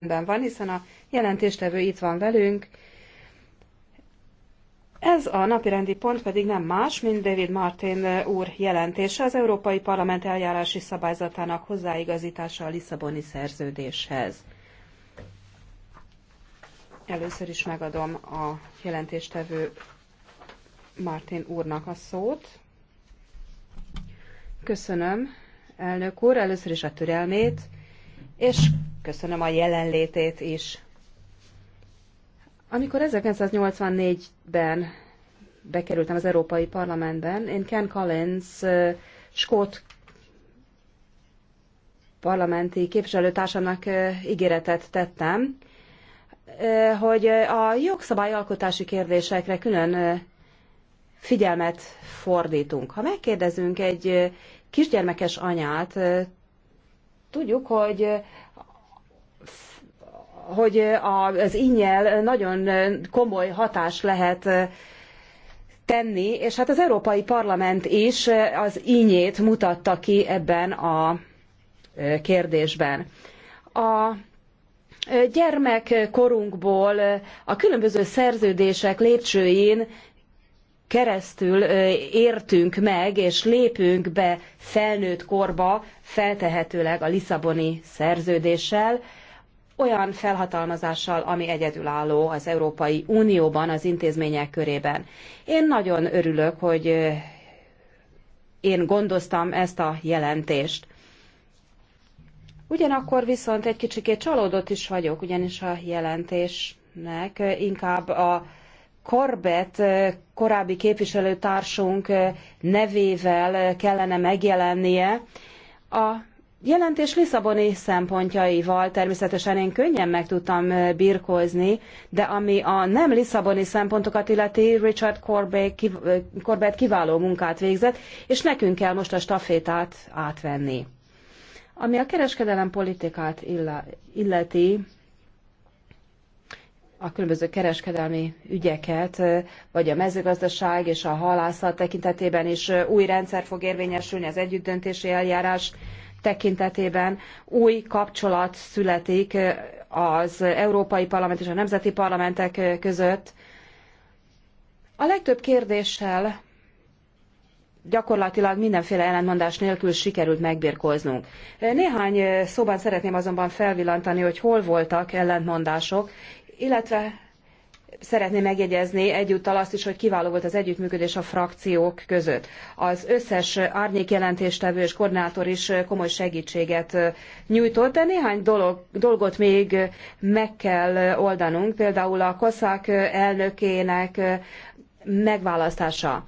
rendben van, hiszen a jelentéstevő itt van velünk. Ez a napirendi pont pedig nem más, mint David Martin úr jelentése az Európai Parlament eljárási szabályzatának hozzáigazítása a Lisszaboni szerződéshez. Először is megadom a jelentéstevő Martin úrnak a szót. Köszönöm, elnök úr, először is a türelmét, és köszönöm a jelenlétét is. Amikor 1984-ben bekerültem az Európai Parlamentben, én Ken Collins skót parlamenti képviselőtársamnak ígéretet tettem, hogy a jogszabályalkotási kérdésekre külön figyelmet fordítunk. Ha megkérdezünk egy kisgyermekes anyát, tudjuk, hogy hogy az innyel nagyon komoly hatást lehet tenni, és hát az Európai Parlament is az ínyét mutatta ki ebben a kérdésben. A gyermekkorunkból a különböző szerződések lépcsőin keresztül értünk meg, és lépünk be felnőtt korba, feltehetőleg a Lisszaboni szerződéssel, olyan felhatalmazással, ami egyedülálló az Európai Unióban, az intézmények körében. Én nagyon örülök, hogy én gondoztam ezt a jelentést. Ugyanakkor viszont egy kicsikét csalódott is vagyok, ugyanis a jelentésnek inkább a korbet, korábbi képviselőtársunk nevével kellene megjelennie. A jelentés Lisszaboni szempontjaival természetesen én könnyen meg tudtam birkózni, de ami a nem Lisszaboni szempontokat illeti, Richard Corbett kiváló munkát végzett, és nekünk kell most a stafétát átvenni. Ami a kereskedelem politikát illeti, a különböző kereskedelmi ügyeket, vagy a mezőgazdaság és a halászat tekintetében is új rendszer fog érvényesülni az együttdöntési eljárás tekintetében új kapcsolat születik az Európai Parlament és a Nemzeti Parlamentek között. A legtöbb kérdéssel gyakorlatilag mindenféle ellentmondás nélkül sikerült megbirkóznunk. Néhány szóban szeretném azonban felvillantani, hogy hol voltak ellentmondások, illetve Szeretném megjegyezni egyúttal azt is, hogy kiváló volt az együttműködés a frakciók között. Az összes árnyék jelentéstevő és koordinátor is komoly segítséget nyújtott, de néhány dolog, dolgot még meg kell oldanunk, például a koszák elnökének megválasztása.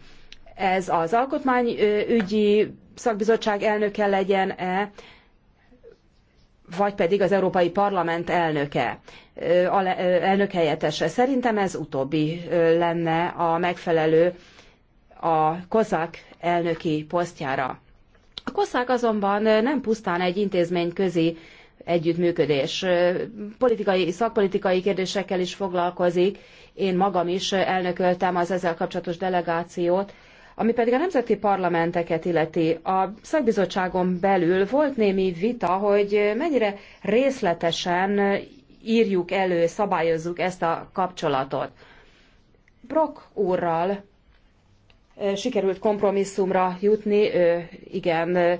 Ez az alkotmányügyi szakbizottság elnöke legyen-e, vagy pedig az Európai Parlament elnöke, elnök helyettese. Szerintem ez utóbbi lenne a megfelelő a kozák elnöki posztjára. A kozák azonban nem pusztán egy intézmény közi együttműködés. Politikai, szakpolitikai kérdésekkel is foglalkozik. Én magam is elnököltem az ezzel kapcsolatos delegációt, ami pedig a nemzeti parlamenteket illeti, a szakbizottságon belül volt némi vita, hogy mennyire részletesen írjuk elő, szabályozzuk ezt a kapcsolatot. Brock úrral sikerült kompromisszumra jutni, ő igen,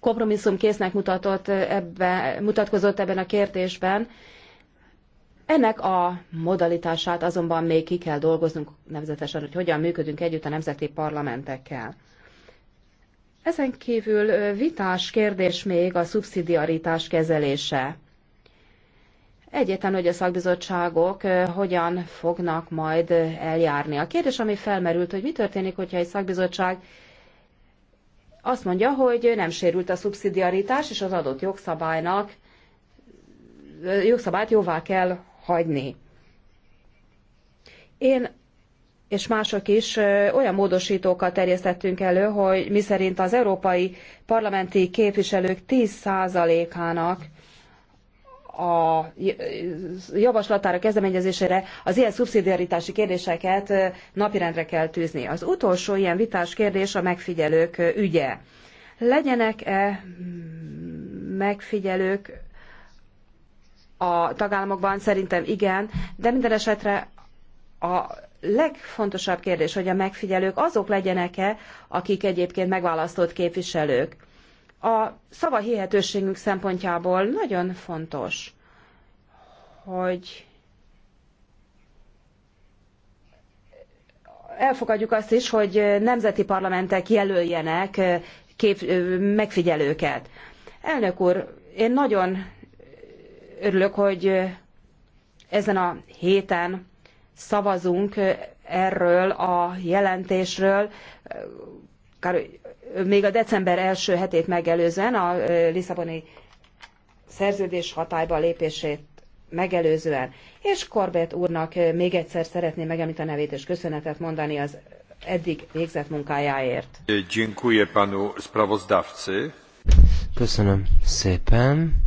kompromisszum késznek mutatott ebbe, mutatkozott ebben a kérdésben, ennek a modalitását azonban még ki kell dolgoznunk, nevezetesen, hogy hogyan működünk együtt a nemzeti parlamentekkel. Ezen kívül vitás kérdés még a szubszidiaritás kezelése. Egyetlen, hogy a szakbizottságok hogyan fognak majd eljárni. A kérdés, ami felmerült, hogy mi történik, hogyha egy szakbizottság azt mondja, hogy nem sérült a szubszidiaritás, és az adott jogszabálynak jogszabályt jóvá kell hagyni. Én és mások is olyan módosítókat terjesztettünk elő, hogy miszerint az európai parlamenti képviselők 10%-ának a javaslatára, kezdeményezésére az ilyen szubszidiaritási kérdéseket napirendre kell tűzni. Az utolsó ilyen vitás kérdés a megfigyelők ügye. Legyenek-e megfigyelők a tagállamokban? Szerintem igen, de minden esetre a legfontosabb kérdés, hogy a megfigyelők azok legyenek-e, akik egyébként megválasztott képviselők. A szava hihetőségünk szempontjából nagyon fontos, hogy elfogadjuk azt is, hogy nemzeti parlamentek jelöljenek kép, megfigyelőket. Elnök úr, én nagyon Örülök, hogy ezen a héten szavazunk erről a jelentésről, még a december első hetét megelőzően, a Lisszaboni szerződés hatályba lépését megelőzően. És Korbett úrnak még egyszer szeretném megemlíteni a nevét és köszönetet mondani az eddig végzett munkájáért. Köszönöm szépen.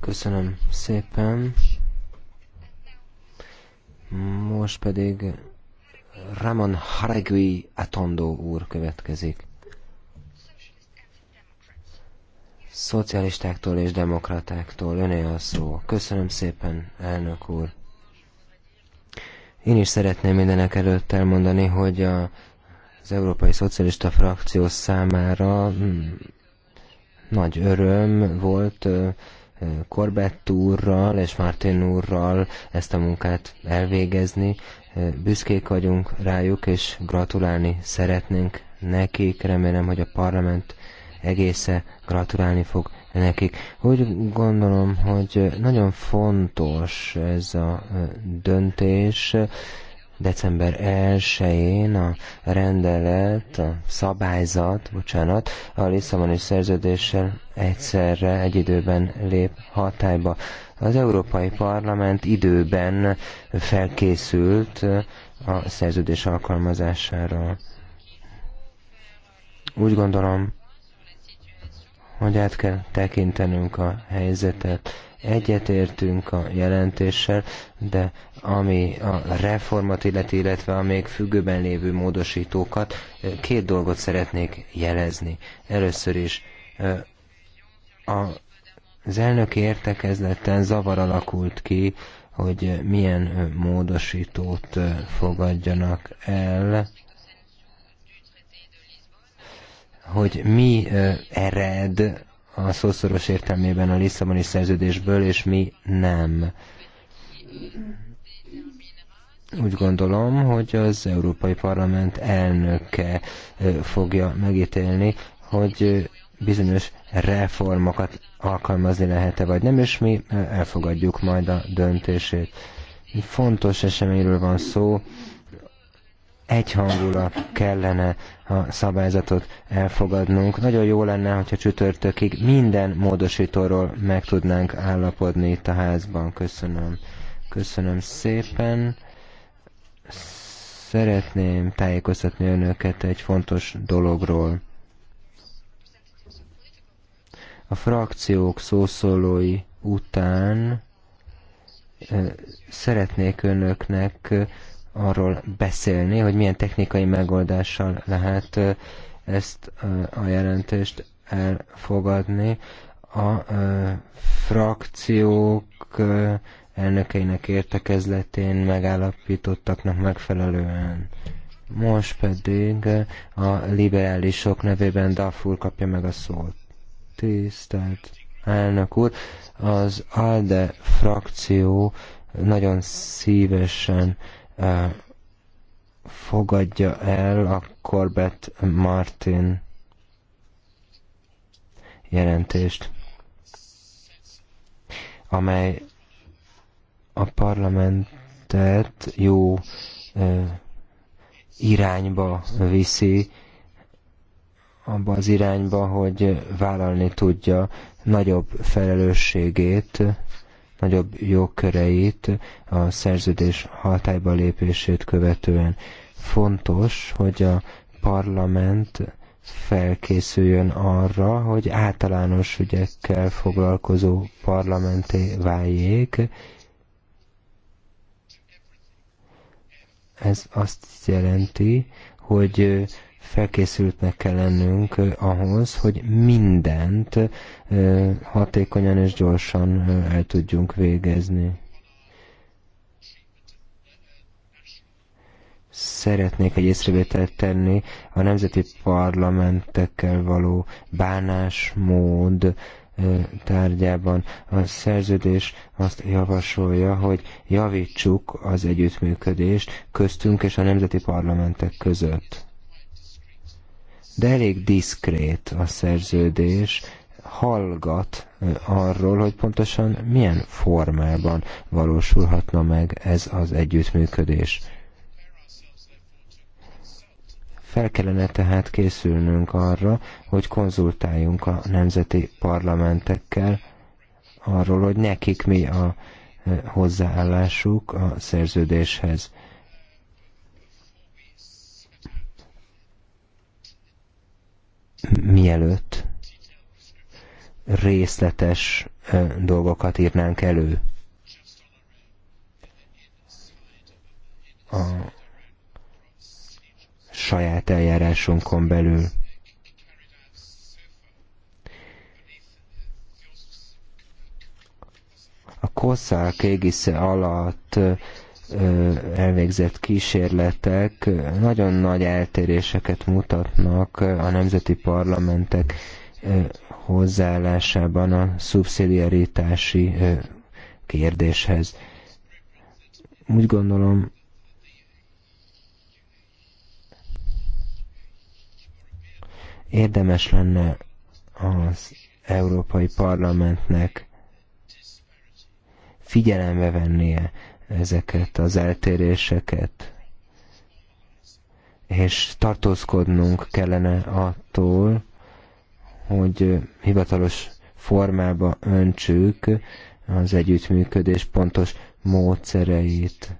Köszönöm szépen. Most pedig Ramon Haregui Atondo úr következik. Szocialistáktól és demokratáktól öné a szó. Köszönöm szépen, elnök úr. Én is szeretném mindenek előtt elmondani, hogy a, az Európai Szocialista Frakció számára hm, nagy öröm volt Corbett úrral és Martin úrral ezt a munkát elvégezni. Büszkék vagyunk rájuk, és gratulálni szeretnénk nekik. Remélem, hogy a parlament egésze gratulálni fog nekik. Úgy gondolom, hogy nagyon fontos ez a döntés december 1-én a rendelet, a szabályzat, bocsánat, a Lisszaboni szerződéssel egyszerre, egy időben lép hatályba. Az Európai Parlament időben felkészült a szerződés alkalmazására. Úgy gondolom, hogy át kell tekintenünk a helyzetet Egyetértünk a jelentéssel, de ami a reformat illeti, illetve a még függőben lévő módosítókat, két dolgot szeretnék jelezni. Először is a, az elnök értekezleten zavar alakult ki, hogy milyen módosítót fogadjanak el, hogy mi ered a szószoros értelmében a Lisszaboni szerződésből, és mi nem. Úgy gondolom, hogy az Európai Parlament elnöke fogja megítélni, hogy bizonyos reformokat alkalmazni lehet-e vagy nem, és mi elfogadjuk majd a döntését. Fontos eseményről van szó, egyhangulat kellene a szabályzatot elfogadnunk. Nagyon jó lenne, hogyha csütörtökig minden módosítóról meg tudnánk állapodni itt a házban. Köszönöm. Köszönöm szépen. Szeretném tájékoztatni önöket egy fontos dologról. A frakciók szószólói után szeretnék önöknek arról beszélni, hogy milyen technikai megoldással lehet ezt a jelentést elfogadni. A frakciók elnökeinek értekezletén megállapítottaknak megfelelően. Most pedig a liberálisok nevében Dafur kapja meg a szót. Tisztelt elnök úr, az ALDE frakció nagyon szívesen fogadja el a Corbett Martin jelentést, amely a parlamentet jó irányba viszi, abba az irányba, hogy vállalni tudja nagyobb felelősségét nagyobb jogköreit a szerződés hatályba lépését követően. Fontos, hogy a parlament felkészüljön arra, hogy általános ügyekkel foglalkozó parlamenté váljék. Ez azt jelenti, hogy felkészültnek kell lennünk ahhoz, hogy mindent hatékonyan és gyorsan el tudjunk végezni. Szeretnék egy észrevételt tenni a nemzeti parlamentekkel való bánásmód, tárgyában. A szerződés azt javasolja, hogy javítsuk az együttműködést köztünk és a nemzeti parlamentek között de elég diszkrét a szerződés, hallgat arról, hogy pontosan milyen formában valósulhatna meg ez az együttműködés. Fel kellene tehát készülnünk arra, hogy konzultáljunk a nemzeti parlamentekkel arról, hogy nekik mi a hozzáállásuk a szerződéshez. mielőtt részletes dolgokat írnánk elő. A saját eljárásunkon belül. A kosszák égisze alatt elvégzett kísérletek nagyon nagy eltéréseket mutatnak a nemzeti parlamentek hozzáállásában a szubszidiaritási kérdéshez. Úgy gondolom, érdemes lenne az Európai Parlamentnek figyelembe vennie ezeket az eltéréseket. És tartózkodnunk kellene attól, hogy hivatalos formába öntsük az együttműködés pontos módszereit.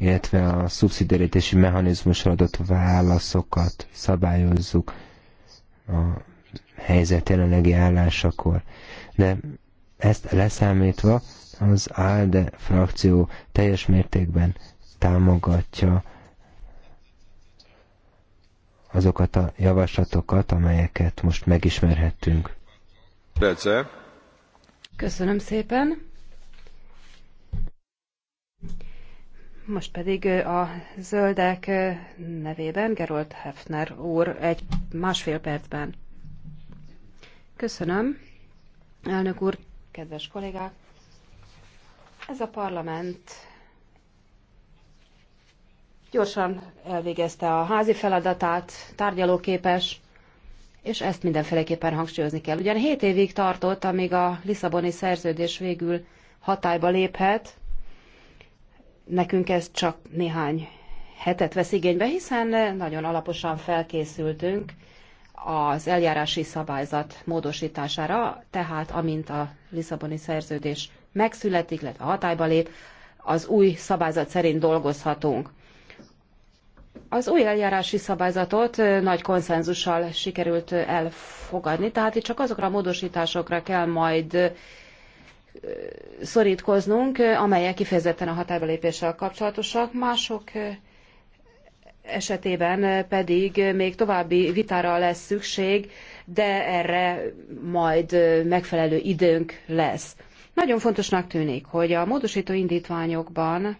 illetve a szubszidérítési mechanizmusra adott válaszokat szabályozzuk a helyzet jelenlegi állásakor. De ezt leszámítva az ALDE frakció teljes mértékben támogatja azokat a javaslatokat, amelyeket most megismerhettünk. Bece. Köszönöm szépen. Most pedig a zöldek nevében Gerold Hefner úr egy másfél percben. Köszönöm. Elnök úr, kedves kollégák! Ez a parlament gyorsan elvégezte a házi feladatát, tárgyalóképes, és ezt mindenféleképpen hangsúlyozni kell. Ugyan 7 évig tartott, amíg a Lisszaboni szerződés végül hatályba léphet, nekünk ez csak néhány hetet vesz igénybe, hiszen nagyon alaposan felkészültünk, az eljárási szabályzat módosítására, tehát amint a Lisszaboni szerződés megszületik, illetve hatályba lép, az új szabályzat szerint dolgozhatunk. Az új eljárási szabályzatot nagy konszenzussal sikerült elfogadni, tehát itt csak azokra a módosításokra kell majd szorítkoznunk, amelyek kifejezetten a hatályba lépéssel kapcsolatosak, mások esetében pedig még további vitára lesz szükség, de erre majd megfelelő időnk lesz. Nagyon fontosnak tűnik, hogy a módosító indítványokban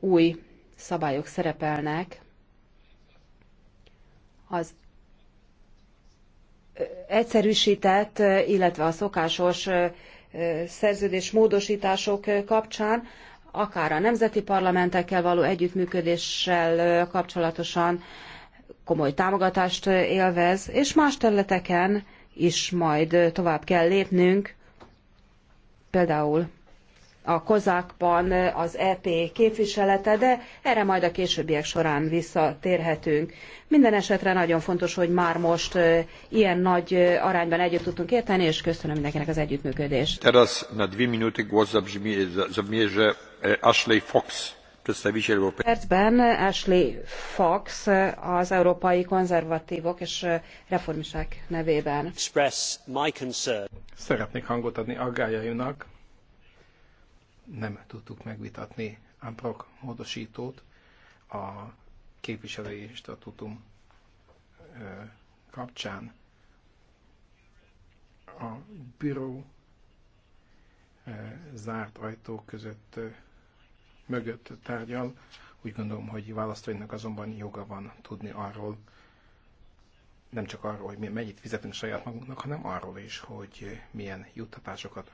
új szabályok szerepelnek az egyszerűsített, illetve a szokásos szerződés módosítások kapcsán, akár a nemzeti parlamentekkel való együttműködéssel kapcsolatosan komoly támogatást élvez, és más területeken is majd tovább kell lépnünk, például a kozákban az EP képviselete, de erre majd a későbbiek során visszatérhetünk. Minden esetre nagyon fontos, hogy már most ilyen nagy arányban együtt tudtunk érteni, és köszönöm mindenkinek az együttműködést. Teraz na minuty głos Eh, Ashley Fox, Percben eh, Ashley Fox eh, az európai konzervatívok és reformisták nevében. Express my concern. Szeretnék hangot adni aggájaimnak. Nem tudtuk megvitatni Amprok módosítót a képviselői statutum kapcsán. A bíró zárt ajtók között mögött tárgyal. Úgy gondolom, hogy választóinak azonban joga van tudni arról, nem csak arról, hogy mi mennyit fizetünk saját magunknak, hanem arról is, hogy milyen juttatásokat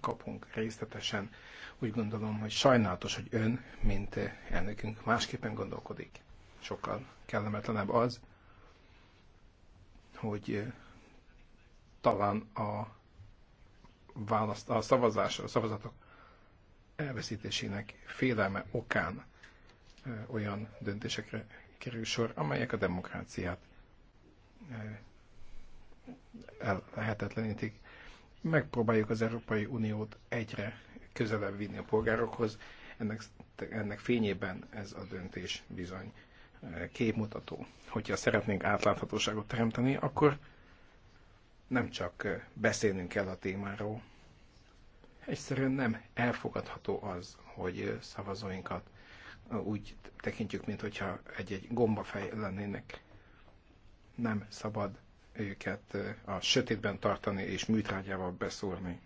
kapunk részletesen. Úgy gondolom, hogy sajnálatos, hogy ön, mint elnökünk másképpen gondolkodik. Sokkal kellemetlenebb az, hogy eh, talán a választ, a szavazás, a szavazatok elveszítésének félelme okán olyan döntésekre kerül sor, amelyek a demokráciát ellehetetlenítik. Megpróbáljuk az Európai Uniót egyre közelebb vinni a polgárokhoz, ennek, ennek fényében ez a döntés bizony képmutató. Hogyha szeretnénk átláthatóságot teremteni, akkor nem csak beszélnünk kell a témáról, Egyszerűen nem elfogadható az, hogy szavazóinkat úgy tekintjük, hogyha egy-egy gombafej lennének. Nem szabad őket a sötétben tartani és műtrágyával beszúrni.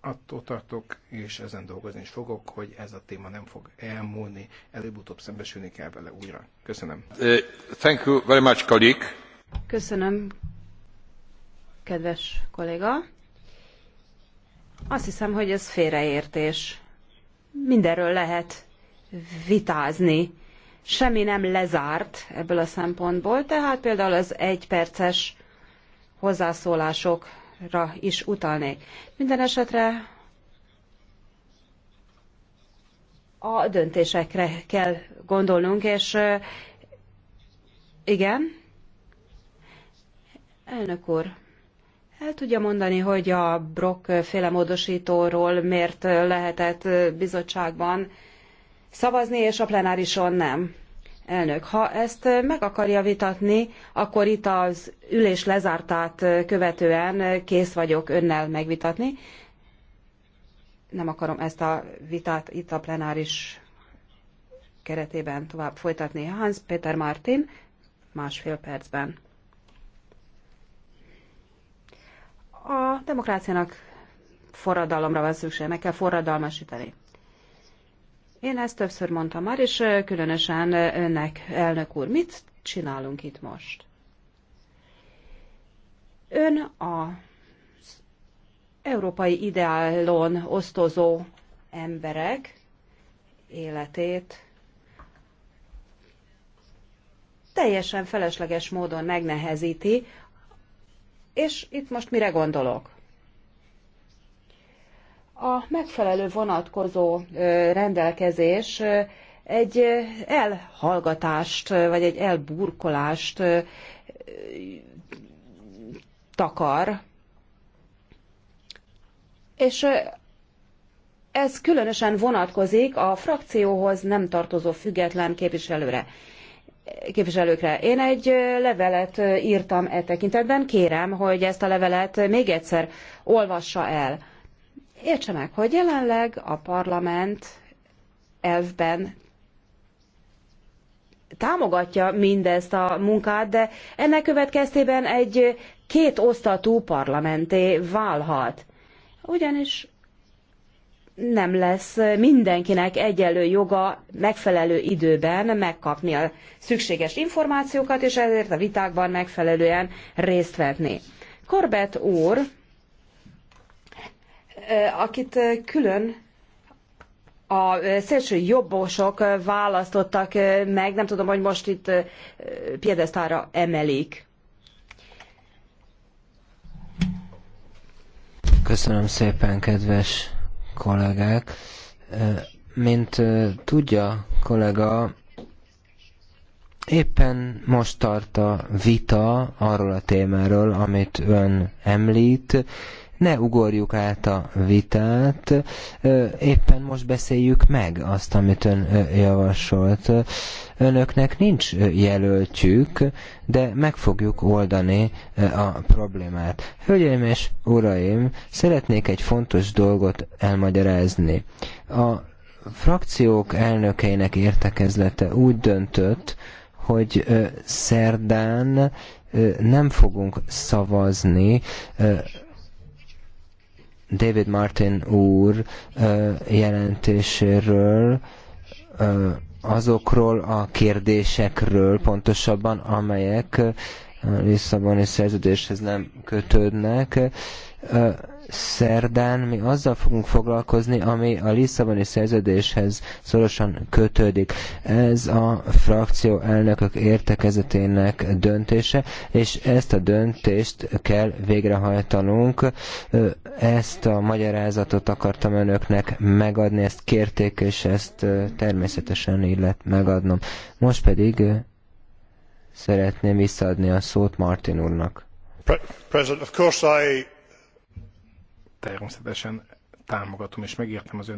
Attól tartok, és ezen dolgozni is fogok, hogy ez a téma nem fog elmúlni, előbb-utóbb szembesülni kell vele újra. Köszönöm. Thank you very much, colleague. Köszönöm, kedves kolléga. Azt hiszem, hogy ez félreértés. Mindenről lehet vitázni. Semmi nem lezárt ebből a szempontból, tehát például az egyperces hozzászólásokra is utalnék. Minden esetre a döntésekre kell gondolnunk, és igen, elnök úr, el tudja mondani, hogy a Brock féle módosítóról miért lehetett bizottságban szavazni, és a plenárison nem? Elnök, ha ezt meg akarja vitatni, akkor itt az ülés lezártát követően kész vagyok önnel megvitatni. Nem akarom ezt a vitát itt a plenáris keretében tovább folytatni. Hans Peter Martin, másfél percben. A demokráciának forradalomra van szükség, meg kell forradalmasítani. Én ezt többször mondtam már, és különösen önnek, elnök úr, mit csinálunk itt most? Ön a európai ideálon osztozó emberek életét teljesen felesleges módon megnehezíti, és itt most mire gondolok? A megfelelő vonatkozó rendelkezés egy elhallgatást, vagy egy elburkolást takar, és ez különösen vonatkozik a frakcióhoz nem tartozó független képviselőre képviselőkre. Én egy levelet írtam e tekintetben, kérem, hogy ezt a levelet még egyszer olvassa el. Értse meg, hogy jelenleg a parlament elvben támogatja mindezt a munkát, de ennek következtében egy két osztatú parlamenté válhat. Ugyanis nem lesz mindenkinek egyenlő joga megfelelő időben megkapni a szükséges információkat, és ezért a vitákban megfelelően részt venni. Corbett úr, akit külön a szélső jobbosok választottak meg, nem tudom, hogy most itt piedesztára emelik. Köszönöm szépen, kedves kollégák. Mint tudja, kollega, éppen most tart a vita arról a témáról, amit ön említ, ne ugorjuk át a vitát, éppen most beszéljük meg azt, amit ön javasolt. Önöknek nincs jelöltjük, de meg fogjuk oldani a problémát. Hölgyeim és uraim, szeretnék egy fontos dolgot elmagyarázni. A frakciók elnökeinek értekezlete úgy döntött, hogy szerdán nem fogunk szavazni David Martin úr jelentéséről, azokról a kérdésekről pontosabban, amelyek a Lisszaboni szerződéshez nem kötődnek szerdán mi azzal fogunk foglalkozni, ami a Lisszaboni szerződéshez szorosan kötődik. Ez a frakció elnökök értekezetének döntése, és ezt a döntést kell végrehajtanunk. Ezt a magyarázatot akartam önöknek megadni, ezt kérték, és ezt természetesen illet megadnom. Most pedig szeretném visszaadni a szót Martin úrnak. I természetesen támogatom és megértem az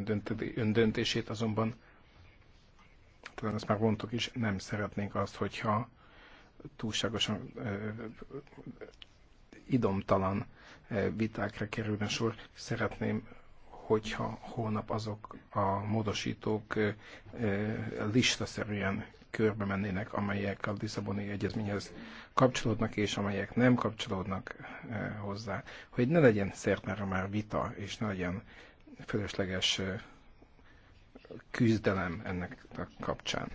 öndöntését, azonban talán ezt már mondtuk is, nem szeretnénk azt, hogyha túlságosan ö, idomtalan ö, vitákra kerülne sor. Szeretném, hogyha holnap azok a módosítók ö, ö, listaszerűen körbe mennének, amelyek a Lisszaboni Egyezményhez kapcsolódnak, és amelyek nem kapcsolódnak eh, hozzá, hogy ne legyen szertmára már vita, és ne legyen fölösleges eh, küzdelem ennek a kapcsán.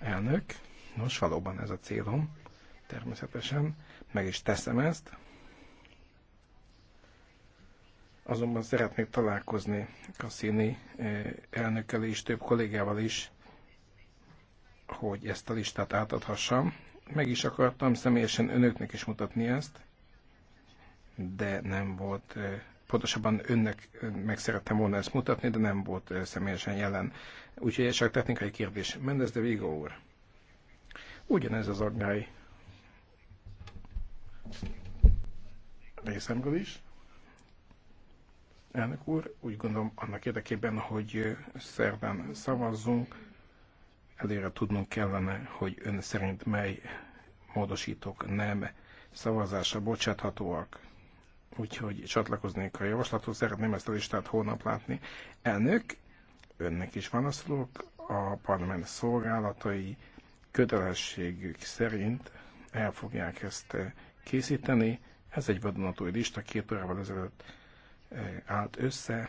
Elnök, nos valóban ez a célom, természetesen, meg is teszem ezt, azonban szeretnék találkozni Cassini eh, elnökkel és több kollégával is, hogy ezt a listát átadhassam. Meg is akartam személyesen önöknek is mutatni ezt, de nem volt, pontosabban önnek meg szerettem volna ezt mutatni, de nem volt személyesen jelen. Úgyhogy ez csak technikai kérdés. Mendez de Vigo úr. Ugyanez az aggály részemről is. Elnök úr, úgy gondolom annak érdekében, hogy szerdán szavazzunk, előre tudnunk kellene, hogy ön szerint mely módosítók nem szavazásra bocsáthatóak. Úgyhogy csatlakoznék a javaslathoz, szeretném ezt a listát hónap látni. Elnök, önnek is van a szlók, a parlament szolgálatai kötelességük szerint el fogják ezt készíteni. Ez egy vadonatúj lista, két órával ezelőtt eh, állt össze,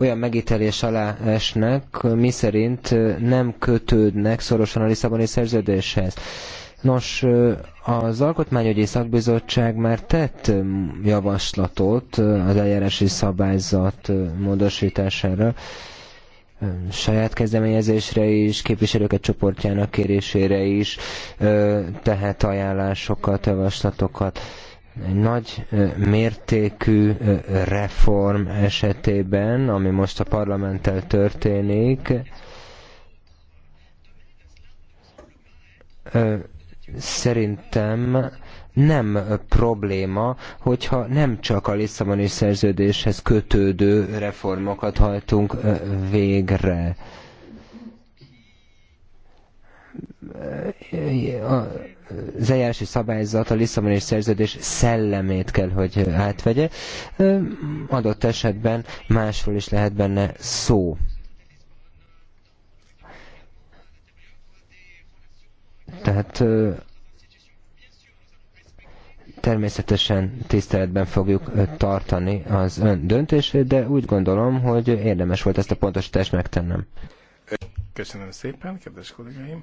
olyan megítelés alá esnek, miszerint nem kötődnek szorosan a Lisszaboni szerződéshez. Nos, az Alkotmányügyi Szakbizottság már tett javaslatot az eljárási szabályzat módosítására, saját kezdeményezésre is, képviselőket csoportjának kérésére is, tehát ajánlásokat, javaslatokat. Egy nagy mértékű reform esetében, ami most a parlamenttel történik, szerintem nem probléma, hogyha nem csak a Lisszaboni szerződéshez kötődő reformokat hajtunk végre az eljárási szabályzat a Lisszaboni szerződés szellemét kell, hogy átvegye. Adott esetben másról is lehet benne szó. Tehát természetesen tiszteletben fogjuk tartani az ön döntését, de úgy gondolom, hogy érdemes volt ezt a pontosítást megtennem. Köszönöm szépen, kedves kollégáim!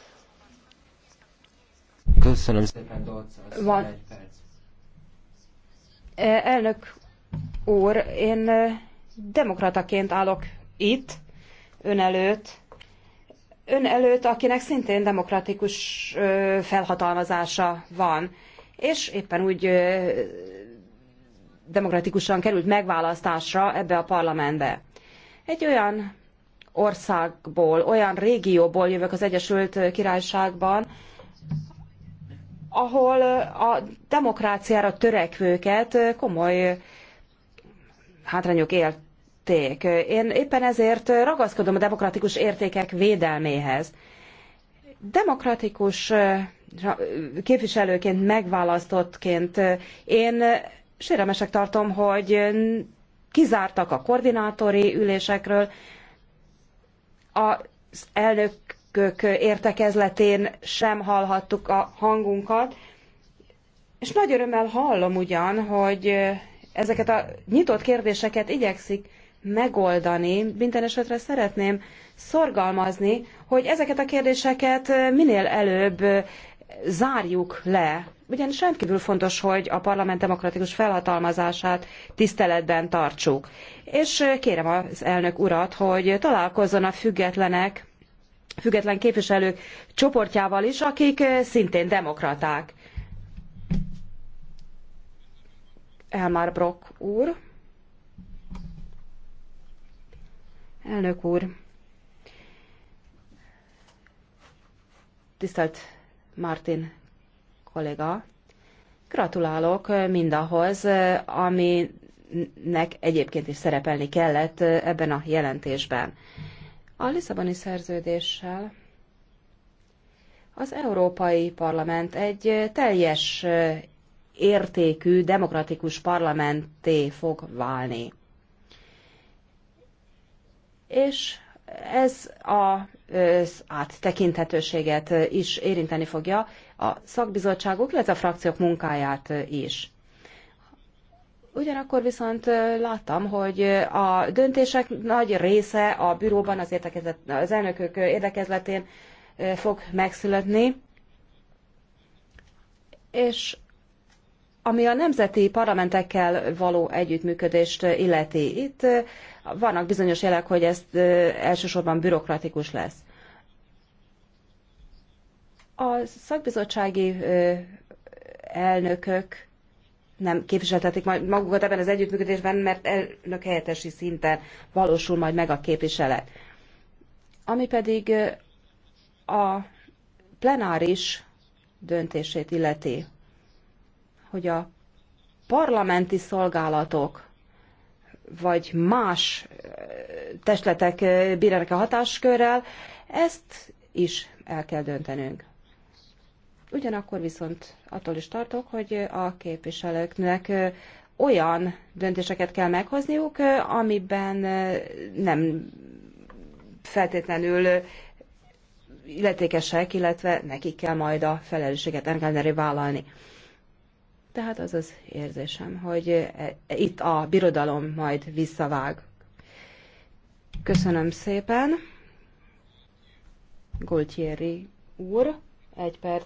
Köszönöm szépen, Dolce. Van. E, elnök úr, én e, demokrataként állok itt, ön előtt, ön előtt, akinek szintén demokratikus felhatalmazása van, és éppen úgy demokratikusan került megválasztásra ebbe a parlamentbe. Egy olyan országból, olyan régióból jövök az Egyesült Királyságban, ahol a demokráciára törekvőket komoly hátrányok élték. Én éppen ezért ragaszkodom a demokratikus értékek védelméhez. Demokratikus képviselőként, megválasztottként én sérelmesek tartom, hogy kizártak a koordinátori ülésekről, az elnök elnökök értekezletén sem hallhattuk a hangunkat, és nagy örömmel hallom ugyan, hogy ezeket a nyitott kérdéseket igyekszik megoldani. Minden esetre szeretném szorgalmazni, hogy ezeket a kérdéseket minél előbb zárjuk le, ugyanis rendkívül fontos, hogy a parlament demokratikus felhatalmazását tiszteletben tartsuk. És kérem az elnök urat, hogy találkozzon a függetlenek független képviselők csoportjával is, akik eh, szintén demokraták. Elmar Brock úr. Elnök úr. Tisztelt Martin kolléga, gratulálok eh, mindahhoz, eh, aminek egyébként is szerepelni kellett ebben a jelentésben. A Lisszaboni szerződéssel az Európai Parlament egy teljes értékű, demokratikus parlamenté fog válni. És ez az áttekinthetőséget is érinteni fogja a szakbizottságok, illetve a frakciók munkáját is. Ugyanakkor viszont láttam, hogy a döntések nagy része a büróban az, az elnökök érdekezletén fog megszületni, és ami a nemzeti parlamentekkel való együttműködést illeti, itt vannak bizonyos jelek, hogy ez elsősorban bürokratikus lesz. A szakbizottsági elnökök nem képviseltetik majd magukat ebben az együttműködésben, mert elnök helyettesi szinten valósul majd meg a képviselet. Ami pedig a plenáris döntését illeti, hogy a parlamenti szolgálatok vagy más testletek bírnak a hatáskörrel, ezt is el kell döntenünk. Ugyanakkor viszont attól is tartok, hogy a képviselőknek olyan döntéseket kell meghozniuk, amiben nem feltétlenül illetékesek, illetve nekik kell majd a felelősséget engedni vállalni. Tehát az az érzésem, hogy e, e, itt a birodalom majd visszavág. Köszönöm szépen. Goltieri úr, egy perc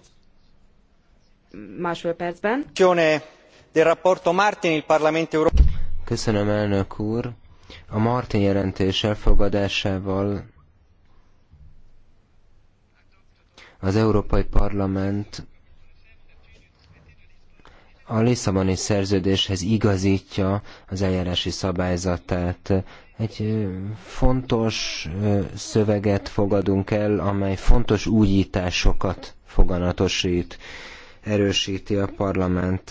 elnök úr. A Martin jelentés elfogadásával az Európai Parlament a Lisszaboni szerződéshez igaztja az eljárási szabályzatát. Egy fontos szöveget fogadunk el, amely fontos újításokat foganatosít erősíti a parlament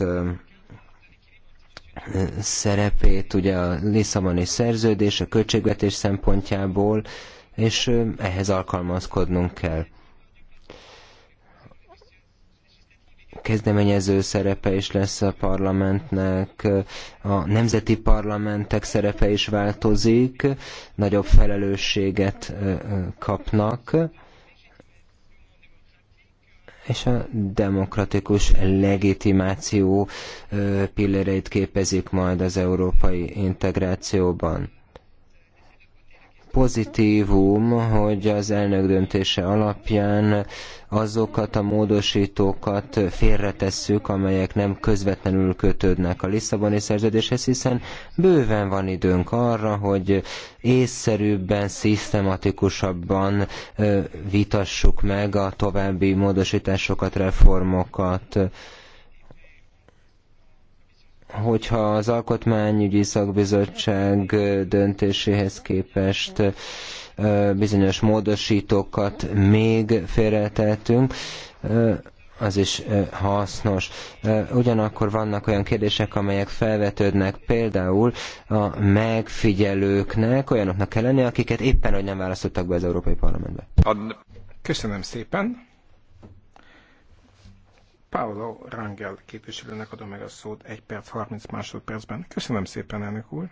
szerepét, ugye a Lisszaboni szerződés a költségvetés szempontjából, és ehhez alkalmazkodnunk kell. Kezdeményező szerepe is lesz a parlamentnek, a nemzeti parlamentek szerepe is változik, nagyobb felelősséget kapnak és a demokratikus legitimáció pillereit képezik majd az európai integrációban pozitívum, hogy az elnök döntése alapján azokat a módosítókat félretesszük, amelyek nem közvetlenül kötődnek a Lisszaboni szerződéshez, hiszen bőven van időnk arra, hogy észszerűbben, szisztematikusabban vitassuk meg a további módosításokat, reformokat, hogyha az Alkotmányügyi Szakbizottság döntéséhez képest bizonyos módosítókat még félretettünk, az is hasznos. Ugyanakkor vannak olyan kérdések, amelyek felvetődnek például a megfigyelőknek, olyanoknak kell lenni, akiket éppen, hogy nem választottak be az Európai Parlamentbe. Köszönöm szépen. Paolo Rangel képviselőnek adom meg a szót 1 perc 30 másodpercben. Köszönöm szépen, elnök úr!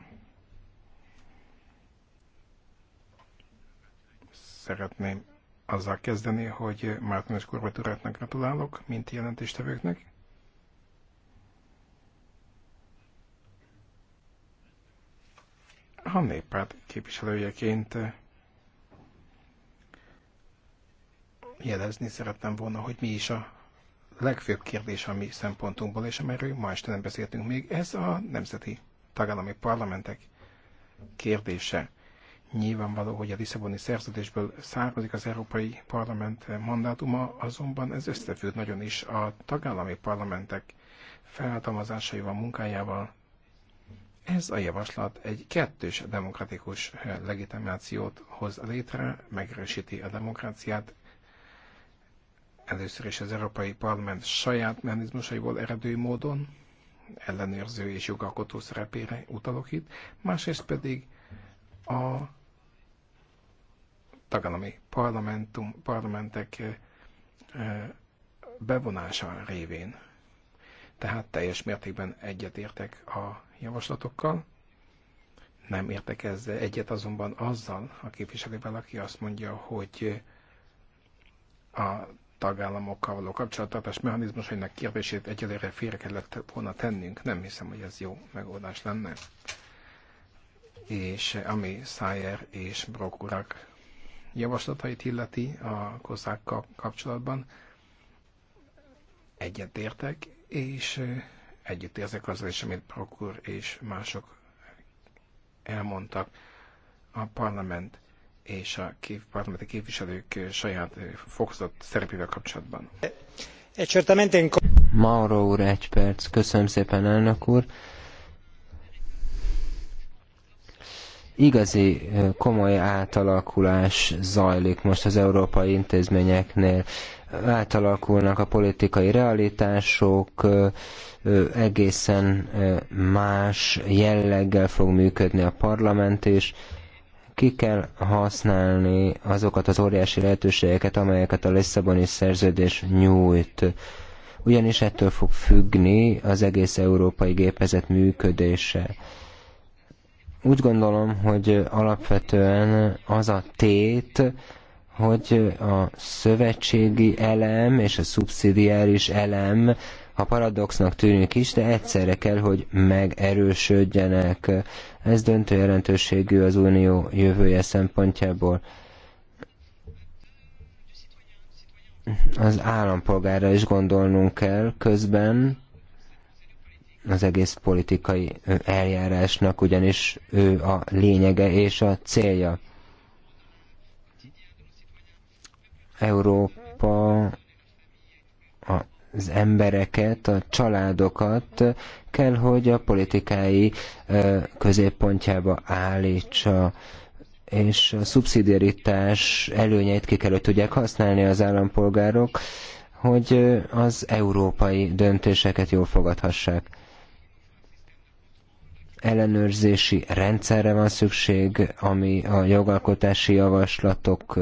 Szeretném azzal kezdeni, hogy Mártonos Korvatúrátnak gratulálok, mint jelentéstevőknek. A néppárt képviselőjeként eh, jelezni szerettem volna, hogy mi is a legfőbb kérdés a mi szempontunkból, és amelyről ma este nem beszéltünk még, ez a nemzeti tagállami parlamentek kérdése. Nyilvánvaló, hogy a Lisszaboni szerződésből származik az Európai Parlament mandátuma, azonban ez összefügg nagyon is a tagállami parlamentek felhatalmazásaival, munkájával. Ez a javaslat egy kettős demokratikus legitimációt hoz létre, megerősíti a demokráciát, Először is az Európai Parlament saját mechanizmusaiból eredő módon, ellenőrző és jogalkotó szerepére utalok itt, másrészt pedig a tagállami parlamentum, parlamentek bevonása révén. Tehát teljes mértékben egyetértek a javaslatokkal, nem értek ezzel egyet azonban azzal a képviselővel, aki azt mondja, hogy a tagállamokkal való kapcsolatartás mechanizmusainak kérdését egyelőre félre kellett volna tennünk. Nem hiszem, hogy ez jó megoldás lenne. És ami Szájer és Brok urak javaslatait illeti a kozákkal kapcsolatban, egyetértek, és érzek azzal is, amit Prokur és mások elmondtak. A parlament és a parlamenti képviselők saját fokozott szerepével kapcsolatban. Mauro úr, egy perc. Köszönöm szépen, elnök úr. Igazi komoly átalakulás zajlik most az európai intézményeknél. Átalakulnak a politikai realitások, egészen más jelleggel fog működni a parlament, és ki kell használni azokat az óriási lehetőségeket, amelyeket a Lisszaboni szerződés nyújt. Ugyanis ettől fog függni az egész európai gépezet működése. Úgy gondolom, hogy alapvetően az a tét, hogy a szövetségi elem és a szubszidiáris elem ha paradoxnak tűnik is, de egyszerre kell, hogy megerősödjenek. Ez döntő jelentőségű az unió jövője szempontjából. Az állampolgára is gondolnunk kell közben, az egész politikai eljárásnak, ugyanis ő a lényege és a célja. Európa az embereket, a családokat kell, hogy a politikai középpontjába állítsa és a szubszidiaritás előnyeit ki kell, hogy tudják használni az állampolgárok, hogy az európai döntéseket jól fogadhassák ellenőrzési rendszerre van szükség, ami a jogalkotási javaslatok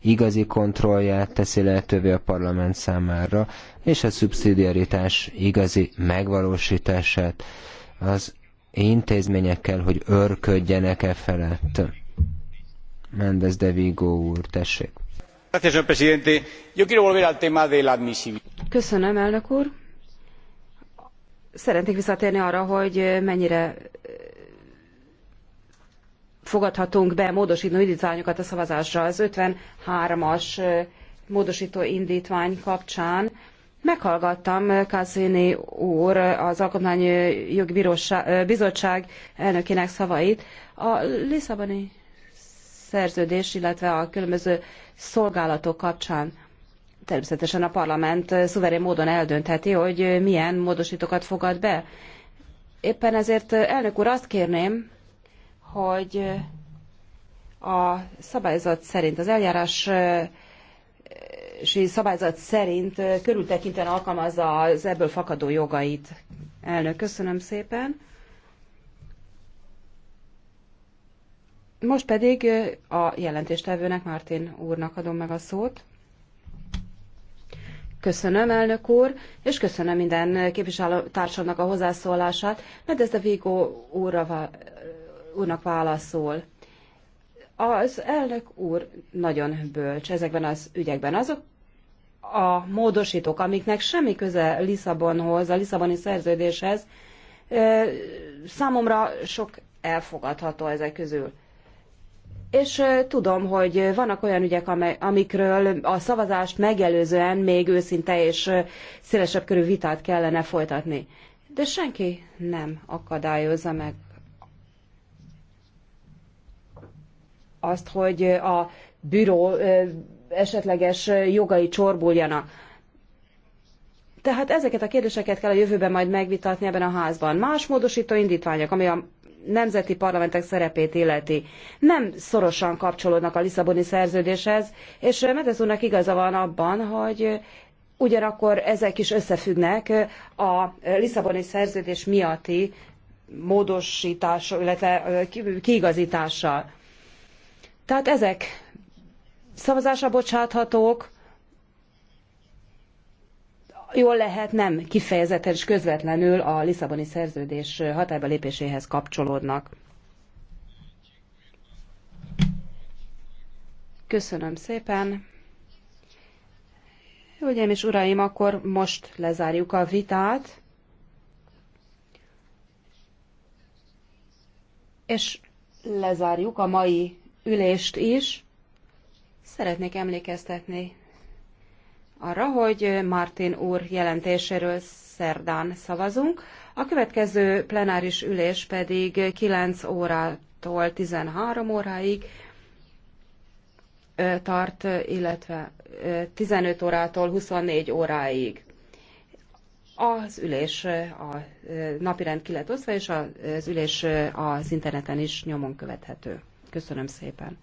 igazi kontrollját teszi lehetővé a parlament számára, és a szubszidiaritás igazi megvalósítását az intézményekkel, hogy örködjenek e felett. Mendez de Vigo úr, tessék. Köszönöm, elnök úr szeretnék visszatérni arra, hogy mennyire fogadhatunk be módosító indítványokat a szavazásra. Az 53-as módosító indítvány kapcsán meghallgattam Kazini úr, az Alkotmányjogi Bizottság elnökének szavait. A Lisszaboni szerződés, illetve a különböző szolgálatok kapcsán természetesen a parlament szuverén módon eldöntheti, hogy milyen módosítókat fogad be. Éppen ezért, elnök úr, azt kérném, hogy a szabályzat szerint, az eljárás szabályzat szerint körültekintően alkalmazza az ebből fakadó jogait. Elnök, köszönöm szépen. Most pedig a jelentéstevőnek, Martin úrnak adom meg a szót. Köszönöm, elnök úr, és köszönöm minden képviselőtársamnak a hozzászólását, mert ez a Vigo úrra, úrnak válaszol. Az elnök úr nagyon bölcs ezekben az ügyekben. Azok a módosítók, amiknek semmi köze Lisszabonhoz, a Lisszaboni szerződéshez, számomra sok elfogadható ezek közül. És tudom, hogy vannak olyan ügyek, amikről a szavazást megelőzően még őszinte és szélesebb körű vitát kellene folytatni. De senki nem akadályozza meg azt, hogy a büró esetleges jogai csorbuljanak. Tehát ezeket a kérdéseket kell a jövőben majd megvitatni ebben a házban. Más módosító indítványok, ami a nemzeti parlamentek szerepét illeti, nem szorosan kapcsolódnak a Lisszaboni szerződéshez, és Medez úrnak igaza van abban, hogy ugyanakkor ezek is összefüggnek a Lisszaboni szerződés miatti módosítással, illetve kiigazítással. Tehát ezek szavazásra bocsáthatók, jól lehet nem kifejezetten és közvetlenül a Lisszaboni szerződés hatályba lépéséhez kapcsolódnak. Köszönöm szépen. Hölgyeim és uraim, akkor most lezárjuk a vitát. És lezárjuk a mai ülést is. Szeretnék emlékeztetni arra, hogy Martin úr jelentéséről szerdán szavazunk. A következő plenáris ülés pedig 9 órától 13 óráig tart, illetve 15 órától 24 óráig. Az ülés a napirend ki lett osztva, és az ülés az interneten is nyomon követhető. Köszönöm szépen!